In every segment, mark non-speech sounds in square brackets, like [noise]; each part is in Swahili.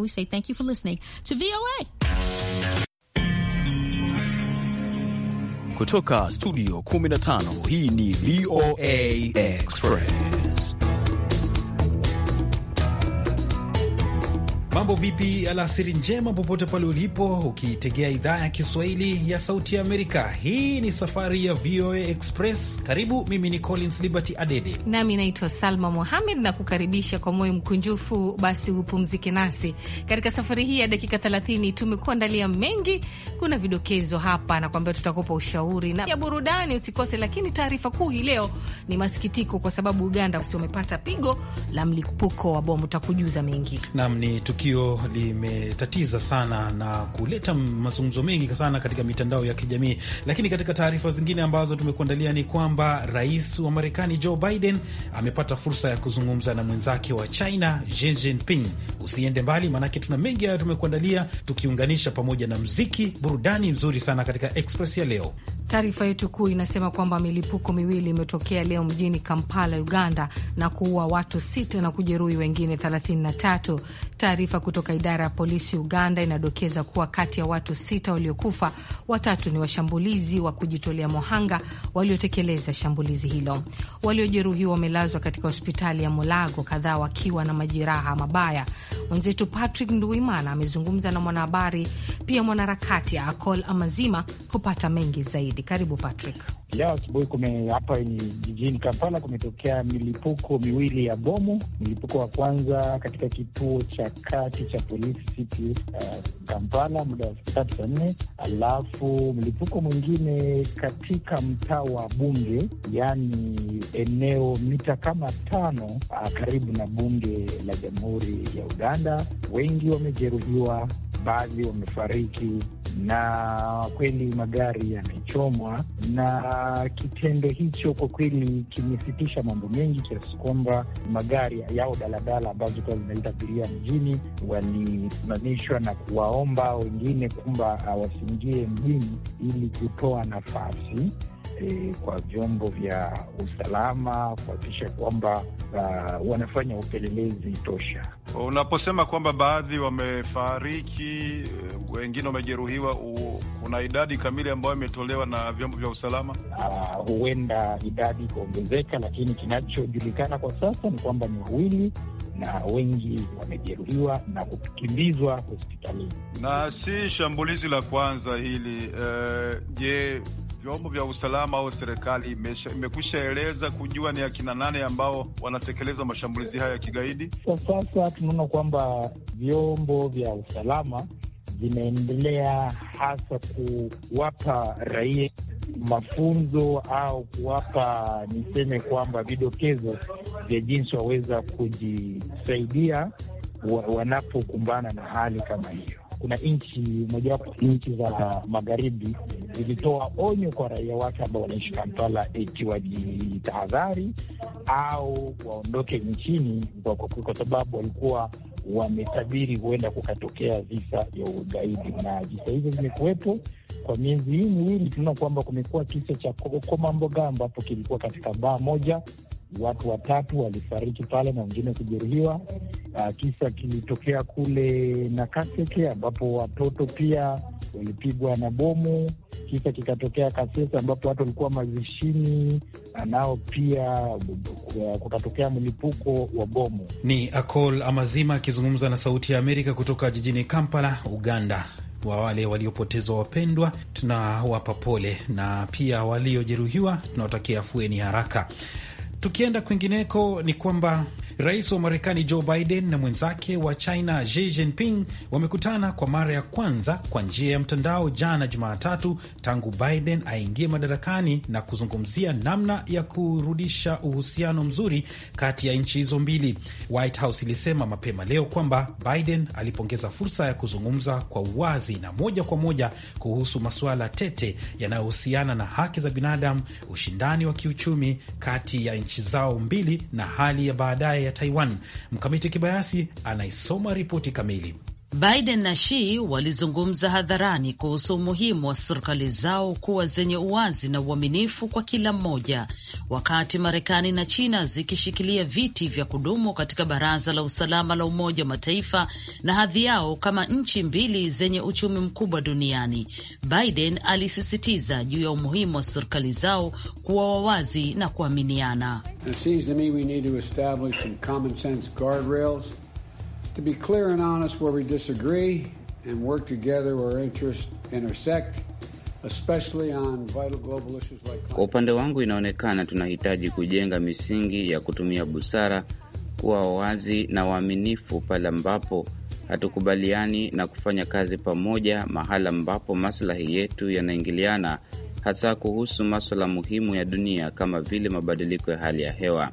We say thank you for listening to VOA. Kutoka studio 15 hii ni VOA Express. Mambo vipi? Alasiri njema popote pale ulipo, ukitegea idhaa ya Kiswahili ya Sauti ya Amerika. Hii ni safari ya VOA Express. Karibu, mimi ni Collins Liberty Adede nami naitwa Salma Mohamed na kukaribisha kwa moyo mkunjufu. Basi hupumzike nasi katika safari hii ya dakika 30. Tumekuandalia mengi, kuna vidokezo hapa na kwambia, tutakupa ushauri na ya burudani, usikose. Lakini taarifa kuu hii leo ni masikitiko, kwa sababu Uganda wamepata pigo la mlipuko wa bomu. Takujuza mengi nam ni tuki tukio limetatiza sana na kuleta mazungumzo mengi sana katika mitandao ya kijamii. Lakini katika taarifa zingine ambazo tumekuandalia ni kwamba rais wa Marekani Joe Biden amepata fursa ya kuzungumza na mwenzake wa China Xi Jinping. Usiende mbali, maanake tuna mengi hayo tumekuandalia, tukiunganisha pamoja na mziki, burudani mzuri sana katika Express ya leo. Taarifa yetu kuu inasema kwamba milipuko miwili imetokea leo mjini Kampala, Uganda, na kuua watu sita na kujeruhi wengine 33. Taarifa kutoka idara ya polisi Uganda inadokeza kuwa kati ya watu sita waliokufa, watatu ni washambulizi wa kujitolea mohanga waliotekeleza shambulizi hilo. Waliojeruhiwa wamelazwa katika hospitali ya Mulago, kadhaa wakiwa na majeraha mabaya. Mwenzetu Patrick Nduimana amezungumza na mwanahabari pia mwanaharakati Akol Amazima kupata mengi zaidi. Karibu Patrick. Leo asubuhi kume hapa jijini Kampala kumetokea milipuko miwili ya bomu. Mlipuko wa kwanza katika kituo cha kati cha polisi siti uh, Kampala muda wa siku tatu za nne, alafu mlipuko mwingine katika mtaa wa bunge, yaani eneo mita kama tano uh, karibu na bunge la jamhuri ya Uganda. Wengi wamejeruhiwa baadhi wamefariki, na kweli magari yamechomwa, na kitendo hicho kwa kweli kimesitisha mambo mengi, kiasi kwamba magari yao daladala ambazo zilikuwa zinaita abiria mjini walisimamishwa na kuwaomba wengine kwamba ah, wasiingie mjini ili kutoa nafasi e, kwa vyombo vya usalama kuhakikisha kwamba uh, wanafanya upelelezi tosha. Unaposema kwamba baadhi wamefariki, wengine wamejeruhiwa, kuna idadi kamili ambayo imetolewa na vyombo vya usalama? Uh, huenda idadi ikaongezeka, lakini kinachojulikana kwa sasa ni kwamba ni wawili na wengi wamejeruhiwa na kukimbizwa hospitalini. Na si shambulizi la kwanza hili. Uh, je, vyombo vya usalama au serikali imekwisha eleza kujua ni akina nane ambao wanatekeleza mashambulizi haya ya kigaidi? Kwa sasa tunaona kwamba vyombo vya usalama vinaendelea hasa kuwapa raia mafunzo au kuwapa niseme kwamba vidokezo vya jinsi waweza kujisaidia wanapokumbana na hali kama hiyo kuna nchi mojawapo nchi za magharibi zilitoa onyo kwa raia wake ambao wanaishi Kampala eti wajitahadhari au waondoke nchini, kwa sababu walikuwa wametabiri huenda kukatokea visa vya ugaidi, na visa hivyo vimekuwepo kwa miezi hii miwili. Tunaona kwamba kumekuwa kisa cha Komambogambo hapo kilikuwa katika baa moja watu watatu walifariki pale na wengine kujeruhiwa. Ah, kisa kilitokea kule Nakaseke ambapo watoto pia walipigwa na bomu. Kisa kikatokea Kasese ambapo watu walikuwa mazishini, ah, nao pia ah, kukatokea mlipuko wa bomu. Ni Akol Amazima akizungumza na Sauti ya Amerika kutoka jijini Kampala, Uganda. Wa wale waliopotezwa wapendwa, tunawapa pole na pia waliojeruhiwa tunawatakia afueni haraka. Tukienda kwingineko ni kwamba rais wa Marekani Joe Biden na mwenzake wa China Xi Jinping wamekutana kwa mara ya kwanza kwa njia ya mtandao jana Jumatatu tangu Biden aingie madarakani na kuzungumzia namna ya kurudisha uhusiano mzuri kati ya nchi hizo mbili. White House ilisema mapema leo kwamba Biden alipongeza fursa ya kuzungumza kwa uwazi na moja kwa moja kuhusu masuala tete yanayohusiana na haki za binadamu, ushindani wa kiuchumi kati ya nchi nchi zao mbili na hali ya baadaye ya Taiwan. Mkamiti Kibayasi anaisoma ripoti kamili. Biden na Xi walizungumza hadharani kuhusu umuhimu wa serikali zao kuwa zenye uwazi na uaminifu kwa kila mmoja, wakati Marekani na China zikishikilia viti vya kudumu katika Baraza la Usalama la Umoja wa Mataifa na hadhi yao kama nchi mbili zenye uchumi mkubwa duniani. Biden alisisitiza juu ya umuhimu wa serikali zao kuwa wawazi na kuaminiana to be clear and honest where we disagree and work together where interests intersect. Especially on vital global issues like climate. Kwa upande wangu inaonekana tunahitaji kujenga misingi ya kutumia busara, kuwa wazi na waaminifu pale ambapo hatukubaliani na kufanya kazi pamoja mahala ambapo maslahi yetu yanaingiliana, hasa kuhusu maswala muhimu ya dunia kama vile mabadiliko ya hali ya hewa.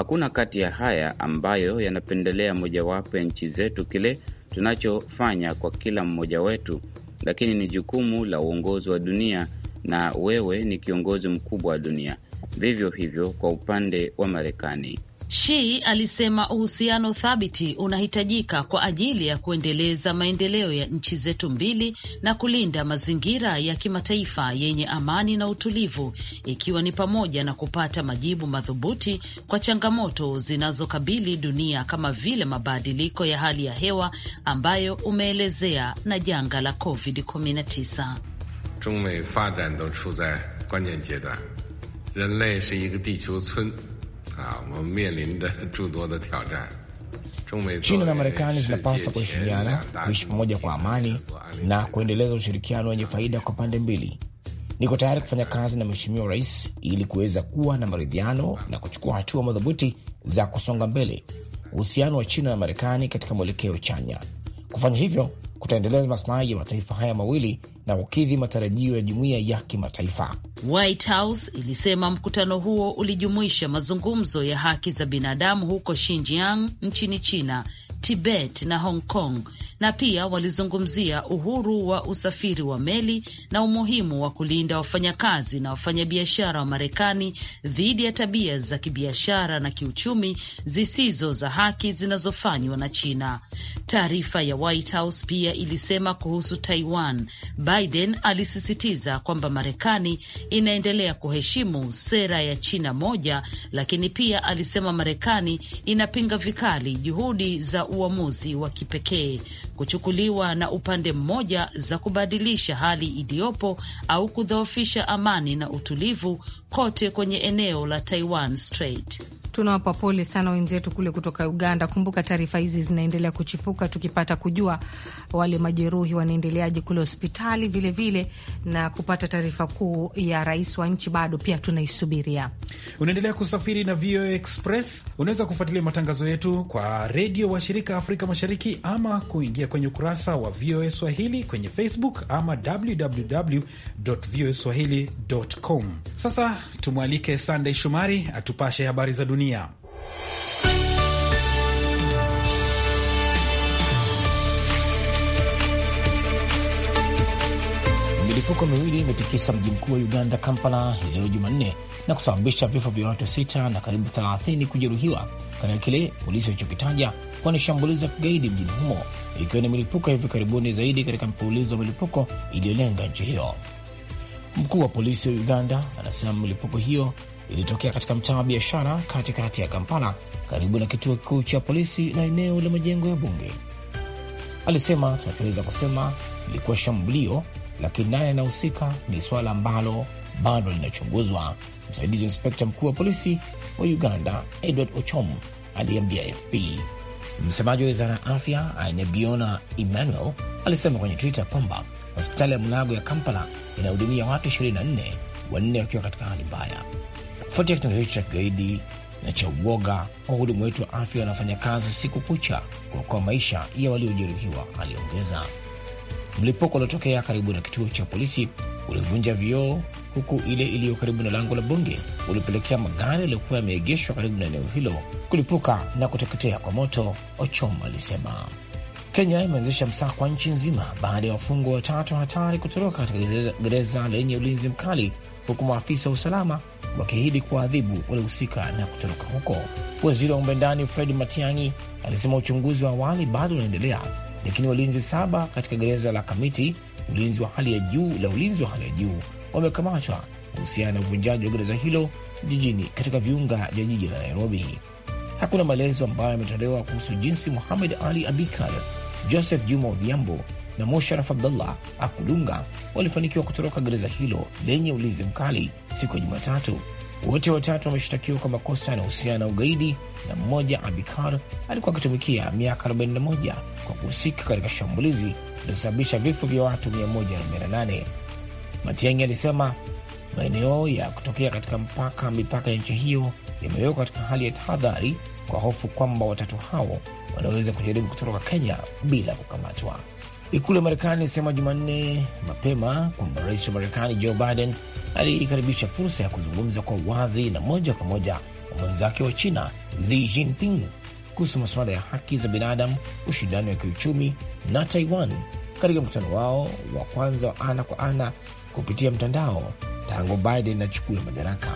Hakuna kati ya haya ambayo yanapendelea mojawapo ya nchi zetu kile tunachofanya kwa kila mmoja wetu, lakini ni jukumu la uongozi wa dunia, na wewe ni kiongozi mkubwa wa dunia. Vivyo hivyo kwa upande wa Marekani. Shi alisema uhusiano thabiti unahitajika kwa ajili ya kuendeleza maendeleo ya nchi zetu mbili na kulinda mazingira ya kimataifa yenye amani na utulivu, ikiwa ni pamoja na kupata majibu madhubuti kwa changamoto zinazokabili dunia kama vile mabadiliko ya hali ya hewa ambayo umeelezea na janga la COVID-19. Tume 啊，我们面临着诸多的挑战。China na Marekani zinapaswa kuheshimiana, kuishi pamoja kwa amani na kuendeleza ushirikiano wenye faida kwa pande mbili. Niko tayari kufanya kazi na Mheshimiwa Rais ili kuweza kuwa na maridhiano na kuchukua hatua madhubuti za kusonga mbele uhusiano wa China na Marekani katika mwelekeo chanya. Kufanya hivyo kutaendeleza maslahi ya mataifa haya mawili na kukidhi matarajio ya jumuiya ya kimataifa. White House ilisema mkutano huo ulijumuisha mazungumzo ya haki za binadamu huko Xinjiang nchini China Tibet na Hong Kong, na pia walizungumzia uhuru wa usafiri wa meli na umuhimu wa kulinda wafanyakazi na wafanyabiashara wa Marekani dhidi ya tabia za kibiashara na kiuchumi zisizo za haki zinazofanywa na China. Taarifa ya White House pia ilisema kuhusu Taiwan, Biden alisisitiza kwamba Marekani inaendelea kuheshimu sera ya China moja, lakini pia alisema Marekani inapinga vikali juhudi za uamuzi wa kipekee kuchukuliwa na upande mmoja za kubadilisha hali iliyopo au kudhoofisha amani na utulivu kote kwenye eneo la Taiwan Strait. Tunawapa pole sana wenzetu kule kutoka Uganda. Kumbuka taarifa hizi zinaendelea kuchipuka, tukipata kujua wale majeruhi wanaendeleaje kule hospitali, vilevile vile, na kupata taarifa kuu ya rais wa nchi bado pia tunaisubiria. Unaendelea kusafiri na VOA Express. Unaweza kufuatilia matangazo yetu kwa redio wa shirika Afrika Mashariki ama kuingia kwenye ukurasa wa VOA Swahili kwenye Facebook ama www voa swahili com. Sasa tumwalike Sandey Shumari atupashe habari za dunia dunia. Milipuko miwili imetikisa mji mkuu wa Uganda, Kampala, hii leo Jumanne na kusababisha vifo vya watu sita na karibu 30 kujeruhiwa katika kile polisi walichokitaja kuwa ni shambulizi ya kigaidi mjini humo, ikiwa ni milipuko ya hivi karibuni zaidi katika mfululizo wa milipuko iliyolenga nchi hiyo. Mkuu wa polisi wa Uganda anasema milipuko hiyo ilitokea katika mtaa wa biashara katikati ya Kampala, karibu na kituo kikuu cha polisi na eneo la majengo ya bunge. Alisema, tunachoweza kusema ilikuwa shambulio, lakini naye anahusika, ni suala ambalo bado linachunguzwa. Msaidizi wa inspekta mkuu wa polisi wa Uganda Edward Ochom aliambia AFP. Msemaji wa wizara ya afya Ainebiona Emmanuel alisema kwenye Twitter kwamba hospitali ya mlago ya Kampala inahudumia watu 24, wanne wakiwa katika hali mbaya kufuatia kitendo hicho cha kigaidi na cha uoga. Wahudumu wetu wa afya wanafanya kazi siku kucha kuokoa maisha ya waliojeruhiwa, aliongeza. Mlipuko uliotokea karibu na kituo cha polisi ulivunja vioo, huku ile iliyo karibu na lango la bunge ulipelekea magari yaliyokuwa yameegeshwa karibu na eneo hilo kulipuka na kuteketea kwa moto, Ochom alisema. Kenya imeanzisha msako wa nchi nzima baada ya wafungwa watatu hatari kutoroka katika gereza lenye ulinzi mkali, huku maafisa wa usalama wakiahidi kuwaadhibu waliohusika na kutoroka huko. Waziri wa mambo ya ndani Fred Matiang'i alisema uchunguzi wa awali bado unaendelea, lakini walinzi saba katika gereza la Kamiti ulinzi wa hali ya juu la ulinzi wa hali ya juu wamekamatwa kuhusiana na uvunjaji wa gereza hilo jijini katika viunga vya jiji la Nairobi. Hakuna maelezo ambayo yametolewa kuhusu jinsi Muhamed Ali Abikar, Joseph Juma Odhiambo na Musharaf Abdullah Akulunga walifanikiwa kutoroka gereza hilo lenye ulinzi mkali siku ya Jumatatu. Wote watatu wameshtakiwa kwa makosa yanahusiana na ugaidi na mmoja Abikar alikuwa akitumikia miaka 41 kwa kuhusika katika shambulizi lililosababisha vifo vya watu 148. Matiang'i alisema maeneo ya kutokea katika mpaka mipaka ya nchi hiyo yamewekwa katika hali ya tahadhari kwa hofu kwamba watatu hao wanaweza kujaribu kutoroka Kenya bila kukamatwa. Ikulu ya Marekani ilisema Jumanne mapema kwamba rais wa Marekani Joe Biden aliikaribisha fursa ya kuzungumza kwa uwazi na moja kwa moja wa mwenzake wa China Xi Jinping kuhusu masuala ya haki za binadamu, ushindani wa kiuchumi na Taiwan katika mkutano wao wa kwanza wa ana kwa ana kupitia mtandao tangu Biden achukue madaraka.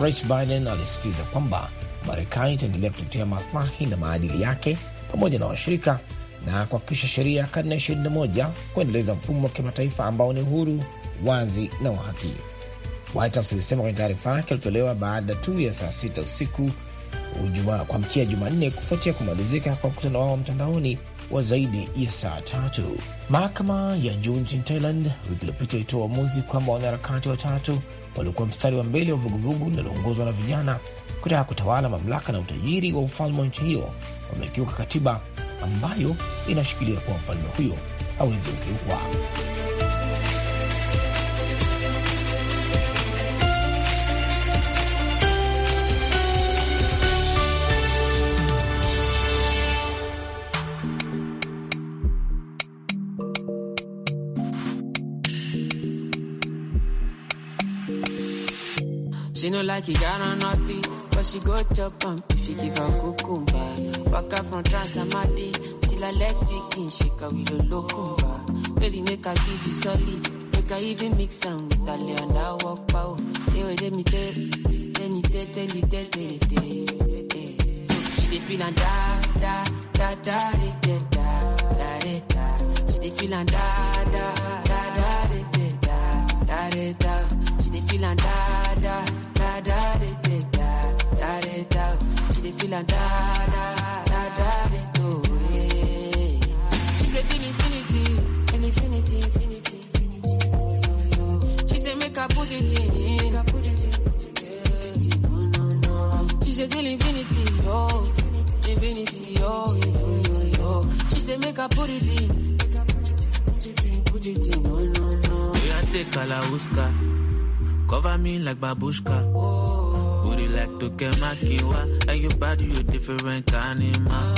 Rais Biden alisisitiza kwamba Marekani itaendelea kutetea maslahi na maadili yake pamoja na washirika na kuhakikisha sheria ya karne ya 21 kuendeleza mfumo wa kimataifa ambao ni huru, wazi na wa haki. White House ilisema kwenye taarifa yake alitolewa baada tu ya saa sita usiku ujuma, kwa mkia Jumanne kufuatia kumalizika kwa mkutano wao wa mtandaoni wa zaidi ya saa tatu. Mahakama ya juu nchini Thailand wiki iliopita ilitoa uamuzi kwamba wanaharakati watatu waliokuwa mstari wa mbele wa vuguvugu linaloongozwa na vijana kutaka kutawala mamlaka na utajiri wa ufalme wa nchi hiyo wamekiuka katiba ambayo inashikilia kuwa mfalme huyo hawezi kukiukwa. She no like he got on nothing but she go chop am if you give her cucumber. Waka from Transamadi till I leg pikin shake her with a locumba. Baby, make her give you solid. Make her even mix am with Ale and I walk pow. Hey, wait, let me tell let me tell tell you tell tell you tell She dey feel and da da da da da da da da da. She dey feel and da da da da da da da da. She dey feel and da da. da da da da go. She said till infinity, till infinity, infinity, infinity. Oh, no, no. She said make her put it in, make her put it in. No, oh, no, no. She said till infinity, oh, infinity, oh, yo, oh, oh. She said make her put it in, make her put it in, put it in, put it in. Oh, no, no, no. We are take Kalauska, cover me like babushka. Oh. Booty like to get my kiwa, and your body you different animal.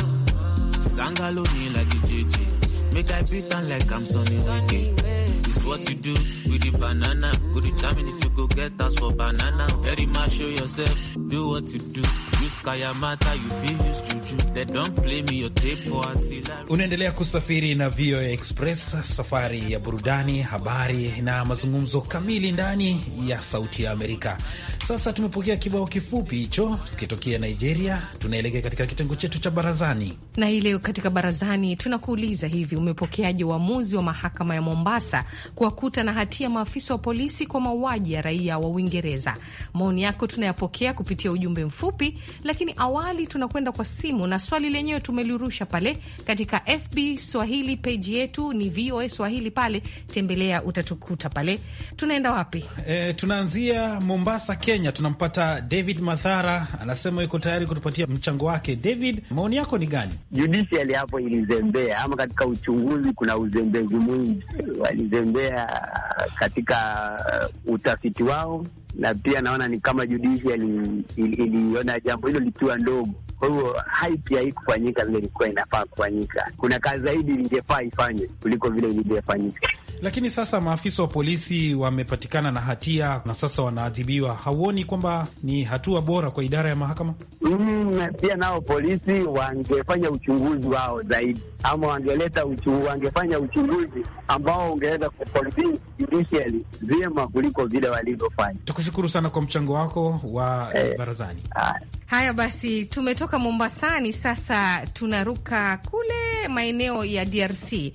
Sangaloni like a JJ, make I beat on like I'm sunny Wicked. It's what you do with the banana, go determine if you go get us for banana. Very much show yourself, do what you do. Use Kayamata, you feel his juju. They don't play me your tape for Atila. Unaendelea kusafiri na VOA Express, safari ya burudani, habari na mazungumzo kamili ndani ya Sauti ya Amerika. Sasa tumepokea kibao kifupi hicho tukitokea Nigeria, tunaelekea katika kitengo chetu cha barazani. Na hii leo katika barazani tunakuuliza hivi, umepokeaje uamuzi wa mahakama ya Mombasa kuwakuta na hatia maafisa wa polisi kwa mauaji ya raia wa Uingereza? Maoni yako tunayapokea kupitia ujumbe mfupi, lakini awali tunakwenda kwa simu, na swali lenyewe tumelirusha pale katika FB Swahili, peji yetu ni VOA Swahili pale, tembelea, utatukuta pale. Tunaenda wapi? E, tunaanzia Mombasa, Kenya. Tunampata David Mathara, anasema yuko tayari kutupatia mchango wake. David, maoni yako ni gani? Judiciary hapo ilizembea, ama katika uchunguzi kuna uzembezi mwingi. Walizembea katika eh, utafiti wao na pia naona ni kama judiciary iliona ili jambo hilo likiwa ndogo. Kwa hivyo haipi haikufanyika vile ilikuwa inafaa kufanyika. Kuna kazi zaidi ingefaa ifanye kuliko vile ilivyofanyika. Lakini sasa maafisa wa polisi wamepatikana na hatia na sasa wanaadhibiwa, hauoni kwamba ni hatua bora kwa idara ya mahakama? Mm, pia nao polisi wangefanya uchunguzi wao zaidi, ama wangeleta uchu, wangefanya uchunguzi ambao ungeweza vyema kuliko vile walivyofanya. Tukushukuru sana kwa mchango wako wa eh, barazani. Haya basi, tumetoka Mombasani, sasa tunaruka kule maeneo ya DRC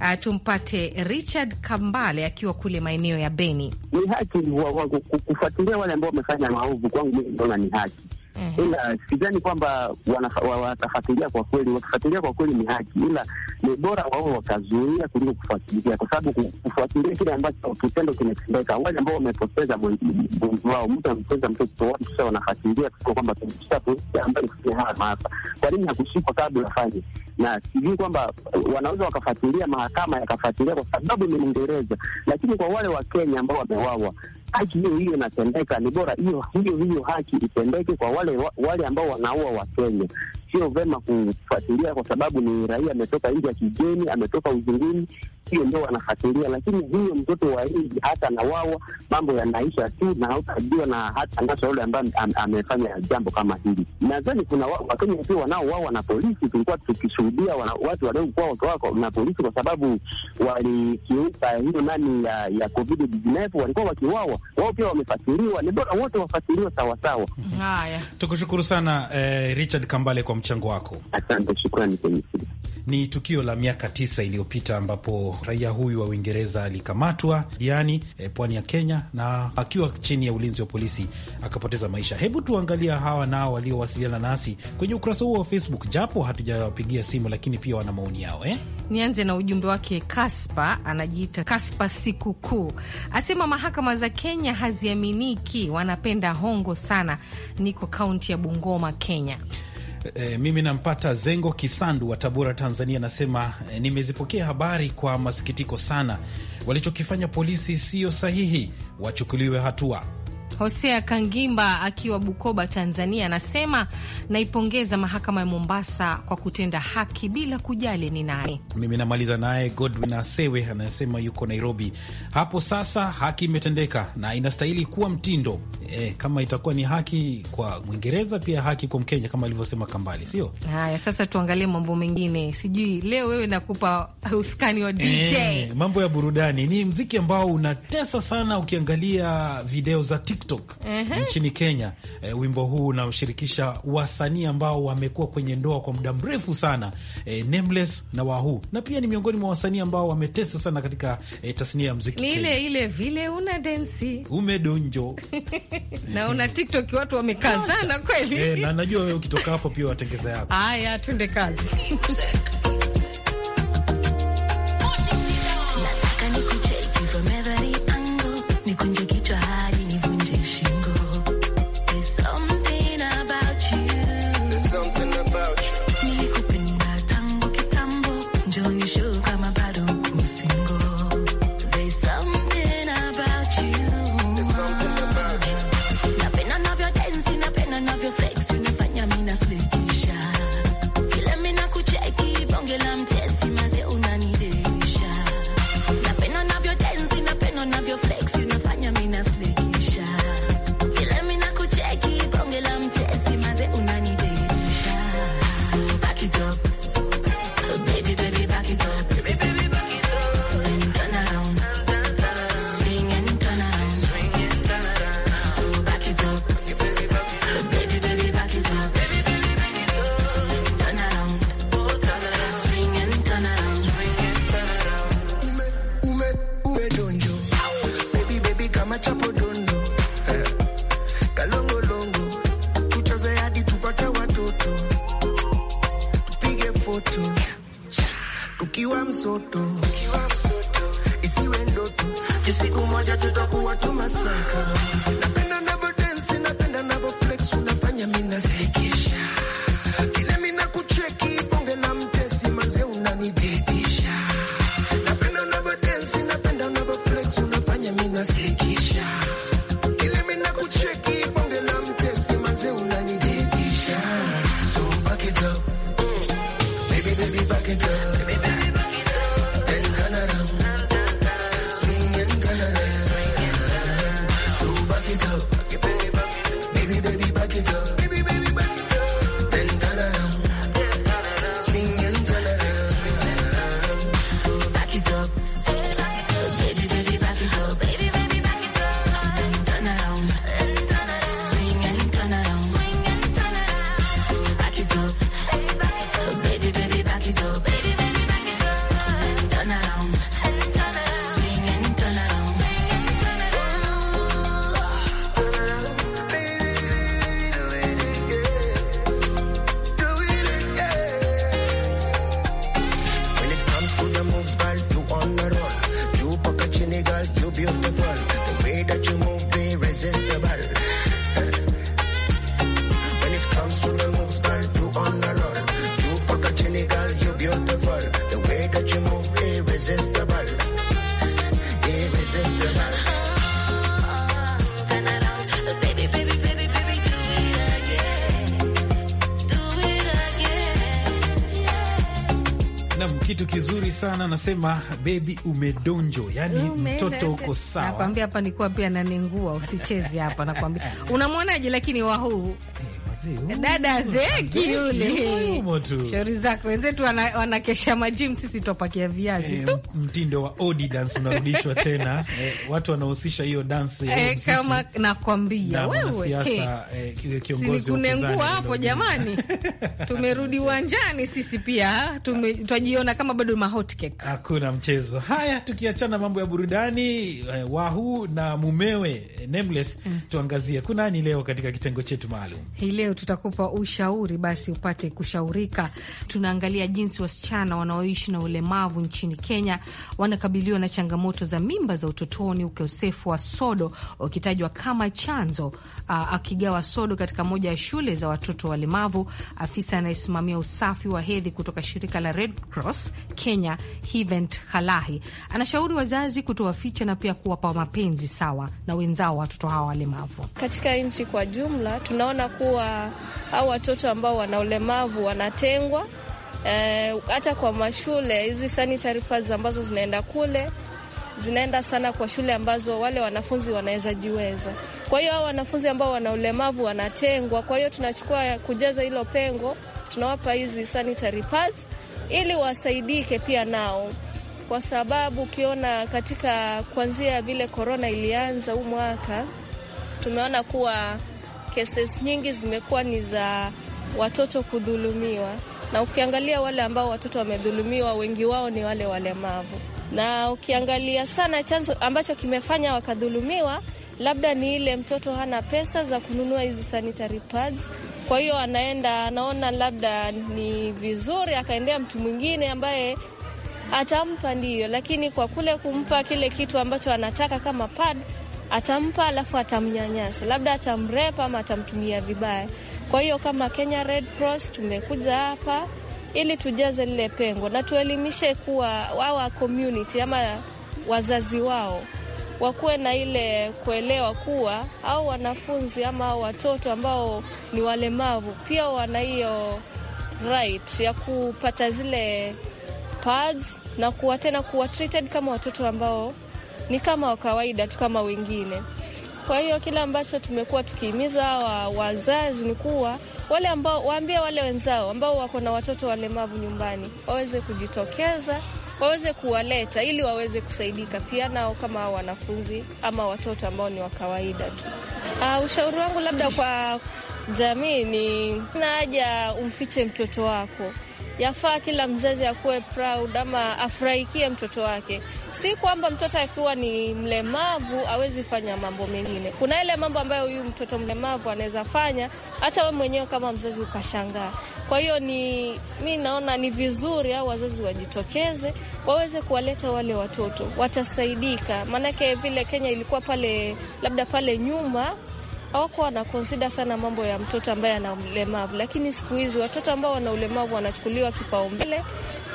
uh, tumpate Richard Kambale akiwa kule maeneo ya Beni. Ni haki kufuatilia wale ambao wamefanya maovu, kwangu mimi naona ni haki mhm. ila sidhani kwamba watafuatilia kwa kweli. Wakifuatilia kwa kweli ni haki, ila ni bora wao wakazuia kuliko kufuatilia, kwa sababu kufuatilia kile ambacho kitendo kimetendeka, wale ambao wamepoteza mwenzi wao, mtu amepoteza mtoto wake, kisha wanafuatilia kusiko kwamba tushapolisia ambayo kufikia haya maafa. Kwa nini hakushikwa kabla afanye? Na sijui kwamba wanaweza wakafuatilia, mahakama yakafuatilia kwa sababu ni Mwingereza, lakini kwa wale wa Kenya ambao wamewawa haki hiyo hiyo inatendeka, ni bora hiyo hiyo hiyo haki itendeke kwa wale wale ambao wanaua Wakenya. Sio vema kufuatilia kwa sababu ni raia ametoka nje ya kigeni, ametoka uzunguni hiyo ndio wanafatilia, lakini huyo mtoto wa hivi hata na wawa mambo yanaisha tu na hautajua na hata nasa yule ambaye am, amefanya jambo kama hili. Nadhani kuna Wakenya pia wanaowawa na polisi, tulikuwa tukishuhudia watu waliokuwa wakiwawa na polisi kwa sababu walikiuka hiyo nani ya, ya Covid 19 walikuwa wakiwawa wao, pia wamefatiliwa. Ni bora wote wafatiliwa sawasawa. Haya, tukushukuru sana eh, Richard Kambale kwa mchango wako, asante. Shukrani. Ni tukio la miaka tisa iliyopita ambapo raia huyu wa Uingereza alikamatwa yani e, pwani ya Kenya, na akiwa chini ya ulinzi wa polisi akapoteza maisha. Hebu tuangalia hawa nao waliowasiliana nasi kwenye ukurasa huo wa Facebook, japo hatujawapigia simu, lakini pia wana maoni yao eh? Nianze na ujumbe wake. Kaspa anajiita Kaspa Sikukuu, asema mahakama za Kenya haziaminiki, wanapenda hongo sana. Niko kaunti ya Bungoma, Kenya. E, mimi nampata Zengo Kisandu wa Tabora, Tanzania, anasema e, nimezipokea habari kwa masikitiko sana. Walichokifanya polisi siyo sahihi, wachukuliwe hatua. Hosea Kangimba akiwa Bukoba, Tanzania, anasema naipongeza mahakama ya Mombasa kwa kutenda haki bila kujali ni nani. Mimi namaliza naye Godwin Asewe anasema yuko Nairobi. Hapo sasa haki imetendeka na inastahili kuwa mtindo E, kama itakuwa ni haki kwa Mwingereza pia haki kwa Mkenya kama alivyosema Kambali, sio haya. Sasa tuangalie mambo mengine, sijui leo wewe nakupa uskani wa DJ E, eh, mambo ya burudani. Ni mziki ambao unatesa sana, ukiangalia video za TikTok uh-huh. nchini Kenya E, wimbo huu unashirikisha wasanii ambao wamekuwa kwenye ndoa kwa muda mrefu sana e, Nameless na Wahu, na pia ni miongoni mwa wasanii ambao wametesa sana katika e, tasnia ya mziki. Ni ile ile vile una densi umedonjo [laughs] naona [laughs] TikTok watu wamekazana kweli. Eh, na najua wewe ukitoka hapo pia watengeza yako. Haya, twende kazi. ukiwa msoto, isiwe ndoto, jisi moja tutakuwa tumasaka. Napenda navo densi, napenda navo wanasema bebi umedonjo, yani mtoto uko [laughs] sawa. Nakwambia hapa nikuwa pia nanengua usicheze hapa nakwambia. [laughs] Unamwonaje lakini wa huu eh, Eh, dada zeki yule, shauri zako. Wenzetu wanakesha majim, sisi twapakia viazi eh, tu. Mtindo wa odi dance unarudishwa [laughs] tena. Eh, watu wanahusisha hiyo dansi kama nakwambia wewe, hapo. Jamani, [laughs] tumerudi uwanjani sisi pia, ah. twajiona kama bado mahotcake, hakuna mchezo. Haya, tukiachana mambo ya burudani, Wahu na mumewe Nameless, mm. tuangazie kunani leo katika kitengo chetu maalum hii leo leo tutakupa ushauri, basi upate kushaurika. Tunaangalia jinsi wasichana wanaoishi na ulemavu nchini Kenya wanakabiliwa na changamoto za mimba za utotoni, ukosefu wa sodo wakitajwa kama chanzo. Uh, akigawa sodo katika moja ya shule za watoto walemavu. Afisa anayesimamia usafi wa hedhi kutoka shirika la Red Cross Kenya, Hivent Halahi, anashauri wazazi ficha na pia kuwapa mapenzi sawa na wenzao watoto hawa walemavu katika nchi kwa jumla. Tunaona kuwa au watoto ambao wana ulemavu wanatengwa eh, hata e, kwa mashule. Hizi sanitary pads ambazo zinaenda kule zinaenda sana kwa shule ambazo wale wanafunzi wanaweza jiweza. Kwa hiyo hao wanafunzi ambao wana ulemavu wanatengwa. Kwa hiyo tunachukua kujaza hilo pengo, tunawapa hizi sanitary pads ili wasaidike pia nao, kwa sababu ukiona katika kuanzia vile korona ilianza huu mwaka tumeona kuwa cases nyingi zimekuwa ni za watoto kudhulumiwa, na ukiangalia wale ambao watoto wamedhulumiwa, wengi wao ni wale walemavu, na ukiangalia sana chanzo ambacho kimefanya wakadhulumiwa labda ni ile mtoto hana pesa za kununua hizi sanitary pads, kwa hiyo anaenda anaona labda ni vizuri akaendea mtu mwingine ambaye atampa ndiyo, lakini kwa kule kumpa kile kitu ambacho anataka kama pad atampa alafu atamnyanyasa, labda atamrepa ama atamtumia vibaya. Kwa hiyo kama Kenya Red Cross tumekuja hapa ili tujaze lile pengo na tuelimishe kuwa wawa community ama wazazi wao wakuwe na ile kuelewa kuwa au wanafunzi ama au watoto ambao ni walemavu pia wana hiyo right ya kupata zile pads na kuwa tena kuwa treated kama watoto ambao ni kama wa kawaida tu kama wengine. Kwa hiyo kile ambacho tumekuwa tukihimiza wa wazazi ni kuwa wale ambao waambie wale wenzao ambao wako na watoto walemavu nyumbani waweze kujitokeza, waweze kuwaleta ili waweze kusaidika pia nao kama wanafunzi ama watoto ambao ni wa kawaida tu. Uh, ushauri wangu labda kwa jamii ni na haja umfiche mtoto wako yafaa kila mzazi akuwe proud ama afurahikie mtoto wake, si kwamba mtoto akiwa ni mlemavu awezi fanya mambo mengine. Kuna ile mambo ambayo huyu mtoto mlemavu anaweza fanya, hata we mwenyewe kama mzazi ukashangaa. Kwa hiyo ni mi naona ni vizuri au wazazi wajitokeze waweze kuwaleta wale watoto, watasaidika. Maanake vile Kenya ilikuwa pale labda pale nyuma hawakuwa wana konsida sana mambo ya mtoto ambaye ana ulemavu, lakini siku hizi watoto ambao wana ulemavu wanachukuliwa kipaumbele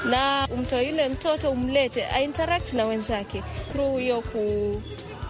na umtoe yule mtoto umlete ainteract na wenzake, through hiyo ku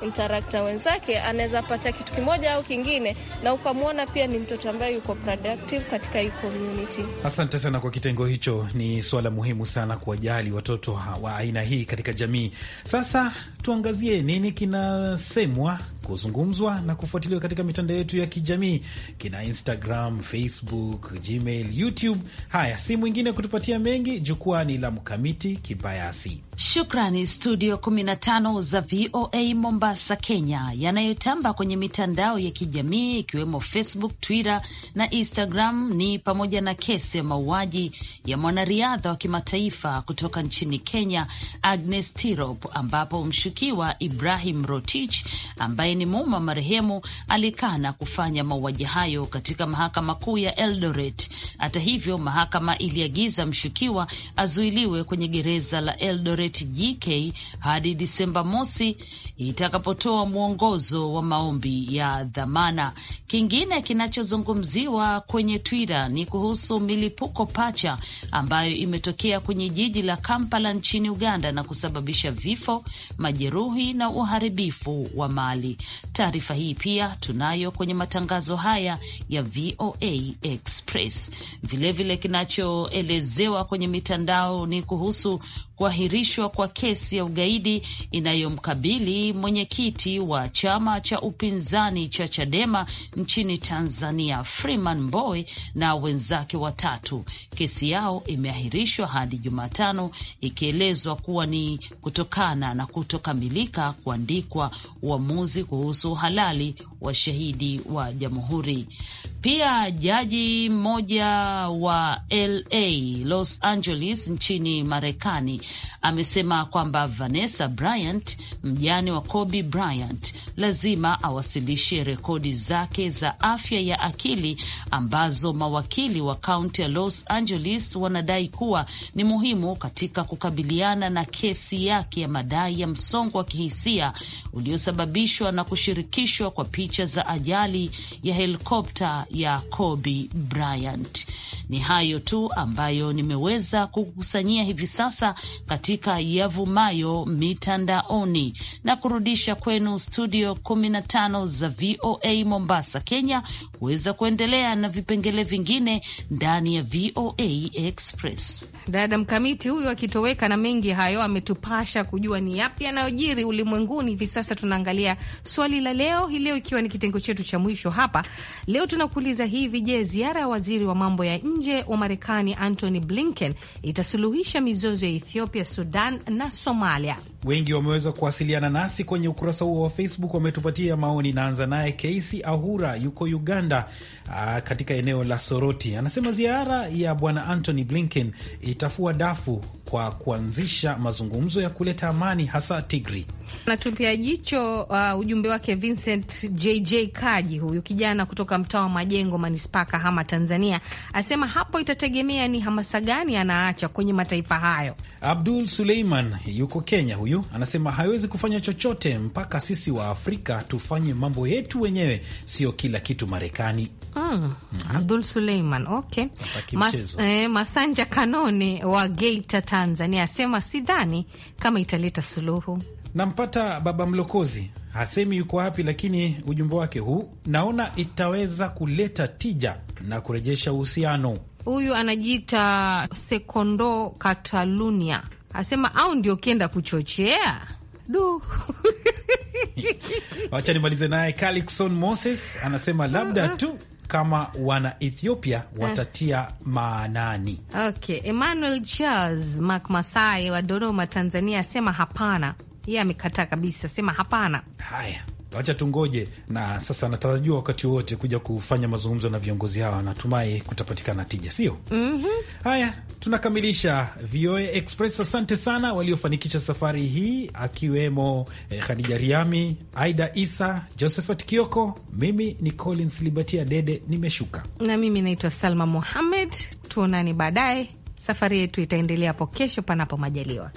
interact wenzake anaweza pata kitu kimoja au kingine, na ukamwona pia ni mtoto ambaye yuko productive katika hii community. Asante sana kwa kitengo hicho, ni suala muhimu sana kuwajali watoto wa aina hii katika jamii. Sasa tuangazie nini kinasemwa, kuzungumzwa na kufuatiliwa katika mitandao yetu ya kijamii, kina Instagram, Facebook, Gmail, YouTube. Haya, si mwingine kutupatia mengi, jukwani la Mkamiti Kibayasi. Shukrani studio 15 mahojiano za VOA Mombasa, Kenya, yanayotamba kwenye mitandao ya kijamii ikiwemo Facebook, Twitter na Instagram ni pamoja na kesi ya mauaji ya mwanariadha wa kimataifa kutoka nchini Kenya, Agnes Tirop, ambapo mshukiwa Ibrahim Rotich ambaye ni muma marehemu alikana kufanya mauaji hayo katika mahakama kuu ya Eldoret. Hata hivyo, mahakama iliagiza mshukiwa azuiliwe kwenye gereza la Eldoret JK hadi Desemba mosi itakapotoa mwongozo wa maombi ya dhamana. Kingine kinachozungumziwa kwenye Twitter ni kuhusu milipuko pacha ambayo imetokea kwenye jiji la Kampala nchini Uganda na kusababisha vifo, majeruhi na uharibifu wa mali. Taarifa hii pia tunayo kwenye matangazo haya ya VOA Express. Vilevile, kinachoelezewa kwenye mitandao ni kuhusu kuahirishwa kwa kesi ya ugaidi inayomkabili mwenyekiti wa chama cha upinzani cha Chadema nchini Tanzania, Freeman Mbowe na wenzake watatu. Kesi yao imeahirishwa hadi Jumatano, ikielezwa kuwa ni kutokana na kutokamilika kuandikwa uamuzi kuhusu kuhusu uhalali wa shahidi wa jamhuri. Pia jaji mmoja wa LA Los Angeles nchini Marekani amesema kwamba Vanessa Bryant, mjane wa Kobe Bryant, lazima awasilishe rekodi zake za afya ya akili ambazo mawakili wa kaunti ya Los Angeles wanadai kuwa ni muhimu katika kukabiliana na kesi yake ya madai ya msongo wa kihisia uliosababishwa na kushirikishwa kwa picha za ajali ya helikopta ya Kobe Bryant. Ni hayo tu ambayo nimeweza kukusanyia hivi sasa katika katika yavumayo mitandaoni na kurudisha kwenu studio 15 za VOA Mombasa, Kenya, huweza kuendelea na vipengele vingine ndani ya VOA Express. Dada Mkamiti huyu akitoweka na mengi hayo, ametupasha kujua ni yapi yanayojiri ulimwenguni hivi sasa. Tunaangalia swali la leo hii leo, ikiwa ni kitengo chetu cha mwisho hapa leo, tunakuuliza hivi: je, ziara ya waziri wa mambo ya nje wa Marekani Antony Blinken itasuluhisha mizozo ya Ethiopia, Sudan na Somalia. Wengi wameweza kuwasiliana nasi kwenye ukurasa huo wa Facebook, wametupatia maoni. Naanza naye Keisi Ahura, yuko Uganda, aa, ah, katika eneo la Soroti, anasema ziara ya Bwana Antony Blinken itafua dafu kwa kuanzisha mazungumzo ya kuleta amani, hasa Tigri. Natupia jicho uh, ujumbe wake Vincent JJ Kaji, huyu kijana kutoka mtaa wa Majengo, manispaa Kahama, Tanzania, asema hapo itategemea ni hamasa gani anaacha kwenye mataifa hayo. Abdul Suleiman yuko Kenya huyu huyu anasema hawezi kufanya chochote mpaka sisi wa Afrika tufanye mambo yetu wenyewe, sio kila kitu Marekani. Mm. Mm -hmm. Abdul Suleiman, okay. Mas, eh, Masanja Kanone wa Geita, Tanzania asema sidhani kama italeta suluhu. Nampata Baba Mlokozi, hasemi yuko wapi, lakini ujumbe wake huu, naona itaweza kuleta tija na kurejesha uhusiano. Huyu anajiita Sekondo Katalunia asema au ndio kienda kuchochea du [laughs] wacha nimalize naye. Calixon Moses anasema labda tu kama wana Ethiopia watatia maanani. Okay, Emmanuel Charles Mak Masai wa Dodoma, Tanzania asema hapana, yeye amekataa kabisa, asema hapana. Haya wacha tungoje, na sasa natarajua wakati wote kuja kufanya mazungumzo na viongozi hawa. Natumai kutapatikana tija, sio? mm -hmm. Haya, tunakamilisha VOA Express. Asante sana waliofanikisha safari hii, akiwemo eh, Khadija Riami, Aida Isa, Josephat Kioko. Mimi ni Collins Libatia Dede, nimeshuka na mimi naitwa Salma muhammed Tuonani baadaye, safari yetu itaendelea hapo kesho, panapo majaliwa.